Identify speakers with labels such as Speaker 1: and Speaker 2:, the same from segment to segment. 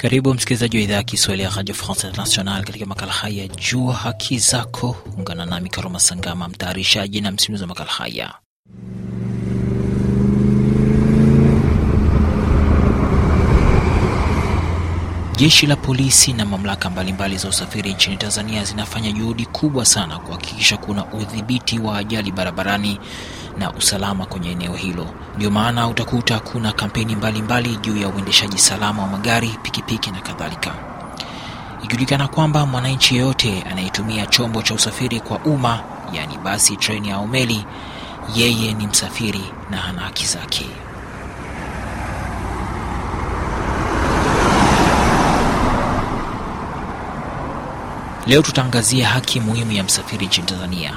Speaker 1: Karibu msikilizaji wa idhaa ya Kiswahili ya Radio France International katika makala haya jua haki zako. Ungana nami Karoma Sangama, mtayarishaji na msimuzi wa makala haya. Jeshi la polisi na mamlaka mbalimbali za usafiri nchini Tanzania zinafanya juhudi kubwa sana kuhakikisha kuna udhibiti wa ajali barabarani na usalama kwenye eneo hilo. Ndio maana utakuta kuna kampeni mbalimbali mbali juu ya uendeshaji salama wa magari, pikipiki na kadhalika, ikijulikana kwamba mwananchi yeyote anayetumia chombo cha usafiri kwa umma, yaani basi, treni au meli, yeye ni msafiri na ana haki zake. Leo tutaangazia haki muhimu ya msafiri nchini Tanzania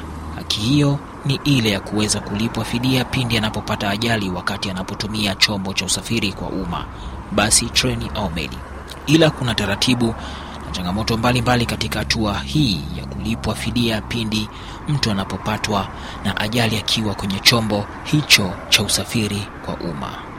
Speaker 1: haki hiyo ni ile ya kuweza kulipwa fidia pindi anapopata ajali wakati anapotumia chombo cha usafiri kwa umma, basi, treni au meli. Ila kuna taratibu na changamoto mbalimbali katika hatua hii ya kulipwa fidia pindi mtu anapopatwa na ajali akiwa kwenye chombo hicho cha usafiri kwa umma.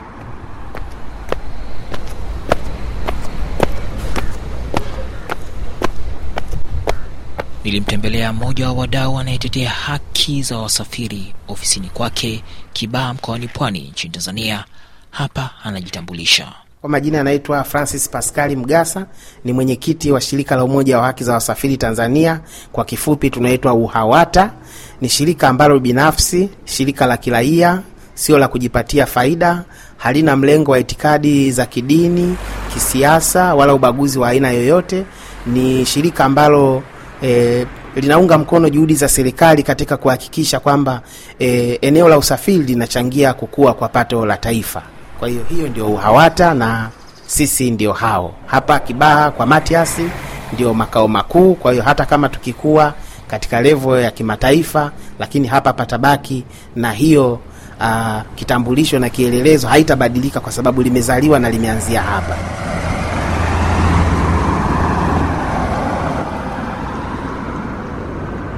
Speaker 1: Nilimtembelea mmoja wa wadau anayetetea haki za wasafiri ofisini kwake kibaa mkoani Pwani nchini Tanzania. Hapa anajitambulisha
Speaker 2: kwa majina, anaitwa Francis Pascali Mgasa, ni mwenyekiti wa shirika la umoja wa haki za wasafiri Tanzania, kwa kifupi tunaitwa UHAWATA. Ni shirika ambalo binafsi, shirika la kiraia, sio la kujipatia faida, halina mlengo wa itikadi za kidini, kisiasa wala ubaguzi wa aina yoyote. Ni shirika ambalo e, linaunga mkono juhudi za serikali katika kuhakikisha kwamba e, eneo la usafiri linachangia kukua kwa pato la taifa. Kwa hiyo hiyo ndio UHAWATA na sisi ndio hao hapa Kibaha kwa Matiasi ndio makao makuu. Kwa hiyo hata kama tukikua katika levo ya kimataifa, lakini hapa patabaki na hiyo uh, kitambulisho na kielelezo haitabadilika kwa sababu limezaliwa na limeanzia hapa.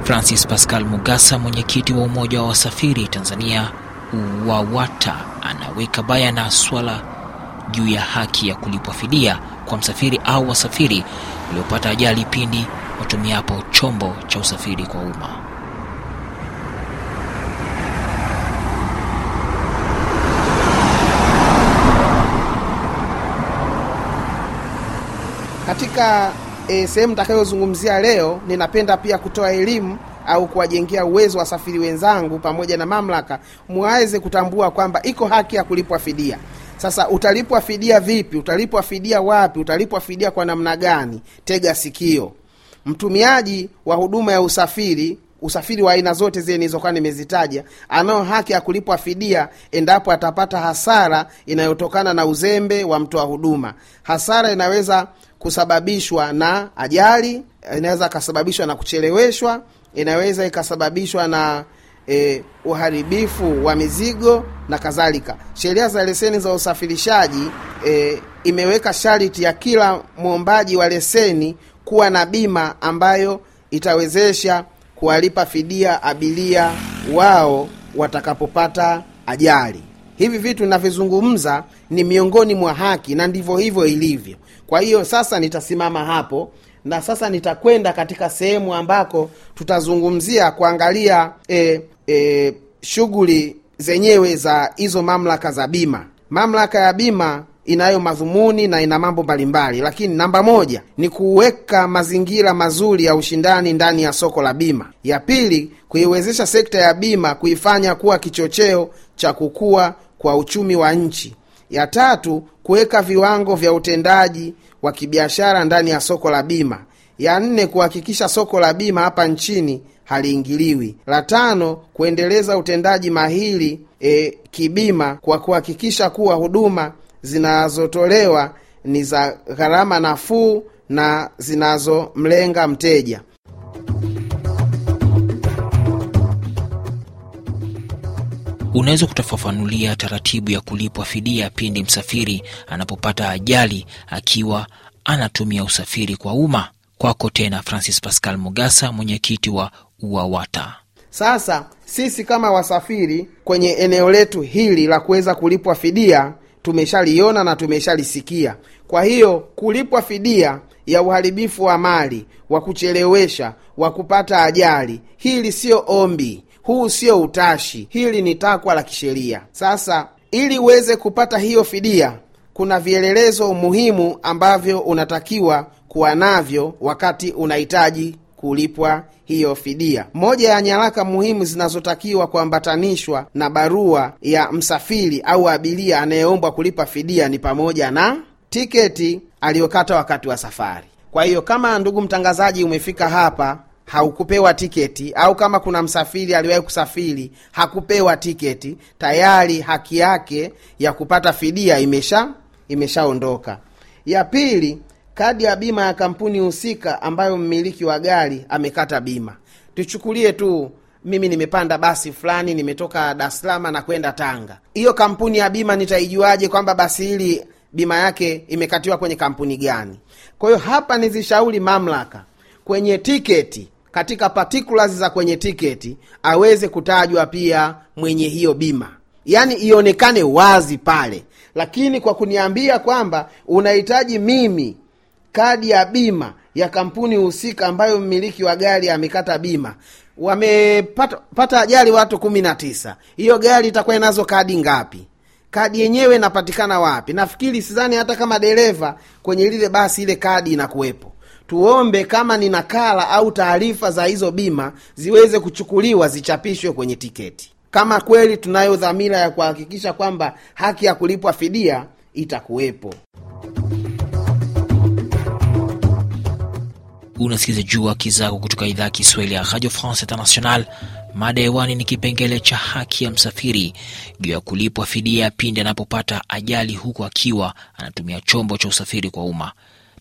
Speaker 1: Francis Pascal Mugasa, mwenyekiti wa Umoja wa Wasafiri Tanzania UWAWATA, anaweka bayana swala juu ya haki ya kulipwa fidia kwa msafiri au wasafiri waliopata ajali pindi watumiapo chombo cha usafiri kwa umma.
Speaker 2: Katika e, sehemu nitakayozungumzia leo, ninapenda pia kutoa elimu au kuwajengea uwezo wasafiri wenzangu pamoja na mamlaka mwaweze kutambua kwamba iko haki ya kulipwa fidia. Sasa utalipwa fidia vipi? Utalipwa fidia wapi? Utalipwa fidia kwa namna gani? Tega sikio, mtumiaji wa huduma ya usafiri usafiri wa aina zote zile nilizokuwa nimezitaja, anayo haki ya kulipwa fidia endapo atapata hasara inayotokana na uzembe wa mtoa huduma. Hasara inaweza kusababishwa na ajali, inaweza ikasababishwa na kucheleweshwa, inaweza ikasababishwa na E, uharibifu wa mizigo na kadhalika. Sheria za leseni za usafirishaji e, imeweka sharti ya kila mwombaji wa leseni kuwa na bima ambayo itawezesha kuwalipa fidia abiria wao watakapopata ajali. Hivi vitu ninavyozungumza ni miongoni mwa haki na ndivyo hivyo ilivyo kwa hiyo sasa nitasimama hapo na sasa nitakwenda katika sehemu ambako tutazungumzia kuangalia e, e, shughuli zenyewe za hizo mamlaka za bima mamlaka ya bima inayo madhumuni na ina mambo mbalimbali lakini namba moja ni kuweka mazingira mazuri ya ushindani ndani ya soko la bima ya pili kuiwezesha sekta ya bima kuifanya kuwa kichocheo cha kukua kwa uchumi wa nchi ya tatu kuweka viwango vya utendaji wa kibiashara ndani ya soko la bima. Ya nne, kuhakikisha soko la bima hapa nchini haliingiliwi. La tano, kuendeleza utendaji mahiri e, kibima kwa kuhakikisha kuwa huduma zinazotolewa ni za gharama nafuu na zinazomlenga mteja.
Speaker 1: Unaweza kutafafanulia taratibu ya kulipwa fidia pindi msafiri anapopata ajali akiwa anatumia usafiri kwa umma? Kwako tena Francis Pascal Mugasa, mwenyekiti wa uawata
Speaker 2: Sasa sisi kama wasafiri kwenye eneo letu hili la kuweza kulipwa fidia tumeshaliona na tumeshalisikia. Kwa hiyo kulipwa fidia ya uharibifu wa mali, wa kuchelewesha, wa kupata ajali, hili siyo ombi, huu sio utashi, hili ni takwa la kisheria. Sasa ili uweze kupata hiyo fidia, kuna vielelezo muhimu ambavyo unatakiwa kuwa navyo wakati unahitaji kulipwa hiyo fidia. Moja ya nyaraka muhimu zinazotakiwa kuambatanishwa na barua ya msafiri au abiria anayeombwa kulipa fidia ni pamoja na tiketi aliyokata wakati wa safari. Kwa hiyo kama ndugu mtangazaji, umefika hapa haukupewa tiketi au kama kuna msafiri aliwahi kusafiri hakupewa tiketi, tayari haki yake ya kupata fidia imesha imeshaondoka. Ya pili, kadi ya bima ya kampuni husika ambayo mmiliki wa gari amekata bima. Tuchukulie tu mimi nimepanda basi fulani, nimetoka Dar es Salaam na kwenda Tanga. Hiyo kampuni ya bima nitaijuaje kwamba basi hili bima yake imekatiwa kwenye kampuni gani? Kwa hiyo hapa nizishauri mamlaka kwenye tiketi katika particulars za kwenye tiketi aweze kutajwa pia mwenye hiyo bima, yaani ionekane wazi pale. Lakini kwa kuniambia kwamba unahitaji mimi kadi ya bima ya kampuni husika ambayo mmiliki wa gari amekata bima, wamepata ajali watu kumi na tisa, hiyo gari itakuwa inazo kadi ngapi? Kadi yenyewe inapatikana wapi? Nafikiri sidhani hata kama dereva kwenye lile basi ile kadi inakuwepo tuombe kama ni nakala au taarifa za hizo bima ziweze kuchukuliwa zichapishwe kwenye tiketi, kama kweli tunayo dhamira ya kuhakikisha kwamba haki ya kulipwa fidia itakuwepo.
Speaker 1: Unasikiliza Juu Haki Zako kutoka idhaa ya Kiswahili ya Radio France International. Mada hewani ni kipengele cha haki ya msafiri juu ya kulipwa fidia pindi anapopata ajali, huku akiwa anatumia chombo cha usafiri kwa umma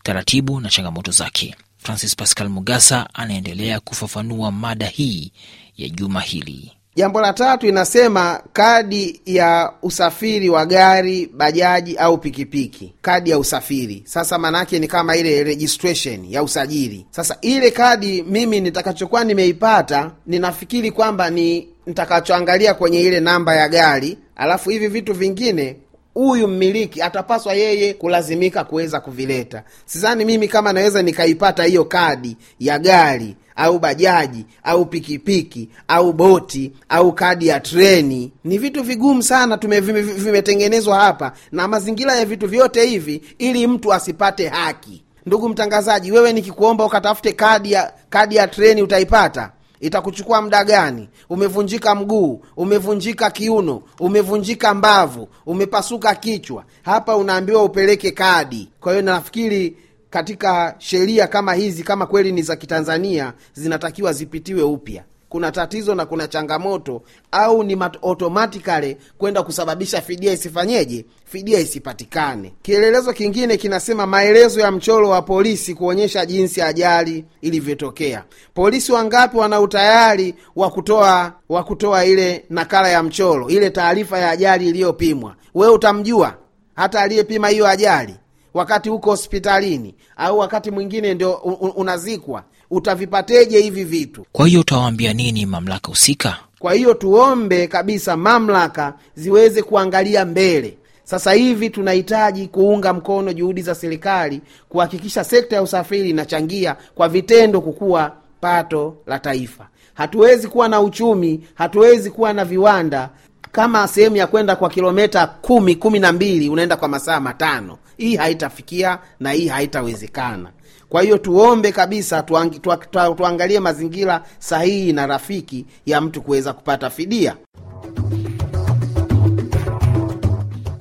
Speaker 1: taratibu na changamoto zake. Francis Pascal Mugasa anaendelea kufafanua mada hii ya juma hili.
Speaker 2: Jambo la tatu inasema kadi ya usafiri wa gari, bajaji au pikipiki. Kadi ya usafiri sasa, maanake ni kama ile registration ya usajili. Sasa ile kadi mimi nitakachokuwa nimeipata, ninafikiri kwamba ni nitakachoangalia kwenye ile namba ya gari, alafu hivi vitu vingine huyu mmiliki atapaswa yeye kulazimika kuweza kuvileta. Sidhani mimi kama naweza nikaipata hiyo kadi ya gari au bajaji au pikipiki au boti au kadi ya treni. Ni vitu vigumu sana, vimetengenezwa hapa na mazingira ya vitu vyote hivi, ili mtu asipate haki. Ndugu mtangazaji, wewe nikikuomba ukatafute kadi ya kadi ya treni utaipata? itakuchukua muda gani? Umevunjika mguu, umevunjika kiuno, umevunjika mbavu, umepasuka kichwa, hapa unaambiwa upeleke kadi. Kwa hiyo nafikiri katika sheria kama hizi, kama kweli ni za Kitanzania, zinatakiwa zipitiwe upya kuna tatizo na kuna changamoto au ni automatically kwenda kusababisha fidia isifanyeje, fidia isipatikane. Kielelezo kingine kinasema maelezo ya mchoro wa polisi kuonyesha jinsi ajali ilivyotokea. Polisi wangapi wana utayari wa kutoa wa kutoa ile nakala ya mchoro, ile taarifa ya ajali iliyopimwa? Wewe utamjua hata aliyepima hiyo ajali wakati huko hospitalini au wakati mwingine ndio unazikwa utavipateje hivi vitu?
Speaker 1: Kwa hiyo utawaambia nini mamlaka husika?
Speaker 2: Kwa hiyo tuombe kabisa mamlaka ziweze kuangalia mbele. Sasa hivi tunahitaji kuunga mkono juhudi za serikali kuhakikisha sekta ya usafiri inachangia kwa vitendo kukua pato la taifa. Hatuwezi kuwa na uchumi, hatuwezi kuwa na viwanda kama sehemu ya kwenda kwa kilometa kumi, kumi na mbili unaenda kwa masaa matano. Hii haitafikia na hii haitawezekana kwa hiyo tuombe kabisa tu, tu, tuangalie mazingira sahihi na rafiki ya mtu kuweza kupata fidia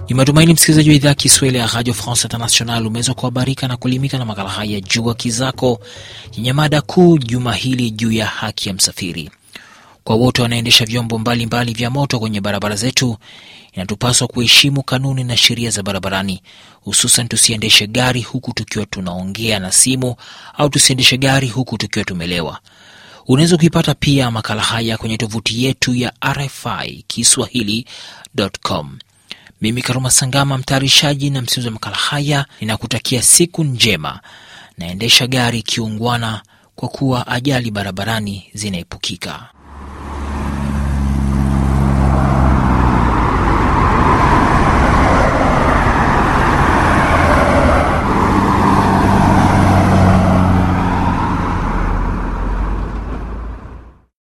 Speaker 1: ni matumaini msikilizaji wa idhaa ya kiswahili ya radio france international umeweza kuhabarika na kulimika na makala haya jua kizako yenye mada kuu juma hili juu ya haki ya msafiri kwa wote wanaendesha vyombo mbalimbali mbali vya moto kwenye barabara zetu, inatupaswa kuheshimu kanuni na sheria za barabarani, hususan tusiendeshe gari huku tukiwa tunaongea na simu au tusiendeshe gari huku tukiwa tumelewa. Unaweza kuipata pia makala haya kwenye tovuti yetu ya RFI Kiswahili.com. Mimi Karuma Sangama, mtayarishaji na msimuzi wa makala haya, ninakutakia siku njema. Naendesha gari kiungwana, kwa kuwa ajali barabarani zinaepukika.